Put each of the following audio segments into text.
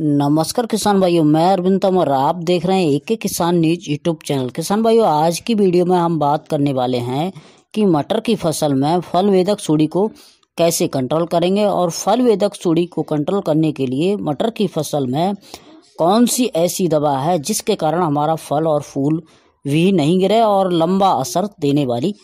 नमस्कार किसान भाइयों मैं अरविंद तमर आप देख रहे हैं एक के किसान न्यूज यूट्यूब चैनल किसान भाइयों आज की वीडियो में हम बात करने वाले हैं कि मटर की फसल में फल वेदक सूढ़ी को कैसे कंट्रोल करेंगे और फल वेदक सूढ़ी को कंट्रोल करने के लिए मटर की फसल में कौन सी ऐसी दवा है जिसके कारण हमारा फल और फूल भी नहीं गिरे और लंबा असर देने वाली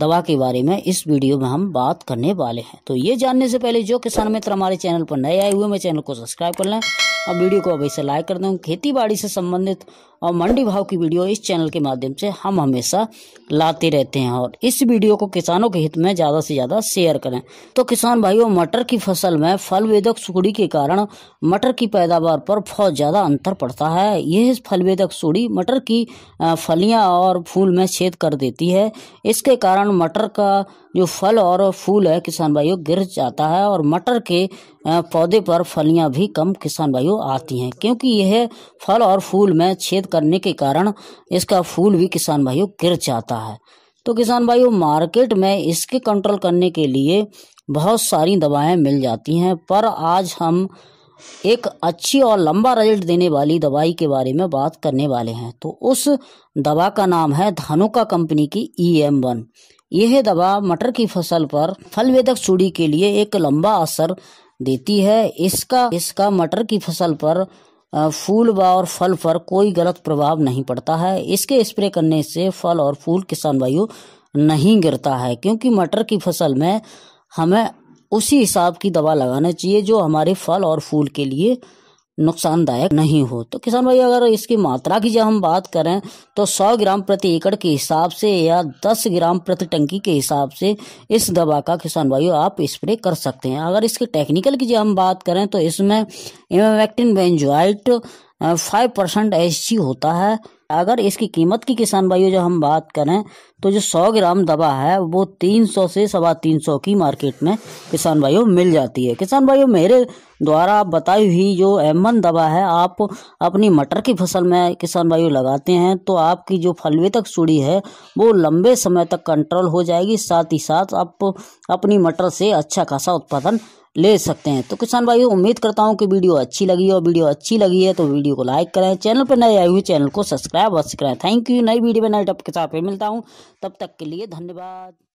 दवा के बारे में इस वीडियो में हम बात करने वाले हैं तो ये जानने से पहले जो किसान मित्र हमारे चैनल पर नए आए हुए हैं चैनल को सब्सक्राइब कर लें अब वीडियो को अवश्य लाइक कर दें खेती बाड़ी से संबंधित और मंडी भाव की वीडियो इस चैनल के माध्यम से हम हमेशा लाते रहते हैं और इस वीडियो को किसानों के हित में ज़्यादा से ज़्यादा शेयर करें तो किसान भाइयों मटर की फसल में फलवेदक सूढ़ी के कारण मटर की पैदावार पर बहुत ज़्यादा अंतर पड़ता है यह फलवेदक सूढ़ी मटर की फलियाँ और फूल में छेद कर देती है इसके कारण मटर का जो फल और फूल है किसान भाइयों गिर जाता है और मटर के पौधे पर फलियां भी कम किसान भाइयों आती हैं क्योंकि यह फल और फूल में छेद करने के कारण इसका फूल भी किसान भाइयों गिर जाता है तो किसान भाइयों मार्केट में इसके कंट्रोल करने के लिए बहुत सारी दवाएं मिल जाती हैं पर आज हम एक अच्छी और लंबा रिजल्ट देने वाली दवाई के बारे में बात करने वाले हैं तो उस दवा का नाम है धनुका कंपनी की ई e एम वन यह दवा मटर की फसल पर फलवेदक चूड़ी के लिए एक लंबा असर देती है इसका इसका मटर की फसल पर फूल व और फल पर कोई गलत प्रभाव नहीं पड़ता है इसके स्प्रे करने से फल और फूल किसान वायु नहीं गिरता है क्योंकि मटर की फसल में हमें उसी हिसाब की दवा लगाना चाहिए जो हमारे फल और फूल के लिए नुकसानदायक नहीं हो तो किसान भाई अगर इसकी मात्रा की जब हम बात करें तो 100 ग्राम प्रति एकड़ के हिसाब से या 10 ग्राम प्रति टंकी के हिसाब से इस दवा का किसान भाई आप स्प्रे कर सकते हैं अगर इसके टेक्निकल की जब हम बात करें तो इसमें emamectin benzoate five percent S होता है अगर इसकी कीमत की किसान भाइयों जो हम बात करें तो जो सौ ग्राम दवा है वो तीन सौ से सवा तीन सौ की मार्केट में किसान भाइयों मिल जाती है किसान भाइयों मेरे द्वारा बताई हुई जो एमन दवा है आप अपनी मटर की फसल में किसान भाइयों लगाते हैं तो आपकी जो फलवेतक सूढ़ी है वो लंबे समय तक कंट्रोल हो जाएगी साथ ही साथ आप अपनी मटर से अच्छा खासा उत्पादन ले सकते हैं तो किसान भाइयों उम्मीद करता हूँ कि वीडियो अच्छी लगी और वीडियो अच्छी लगी है तो वीडियो को लाइक करें चैनल पर नए आए हुए चैनल को सब्सक्राइब अवश्य करें थैंक यू नई वीडियो में नए टॉप के साथ फिर मिलता हूँ तब तक के लिए धन्यवाद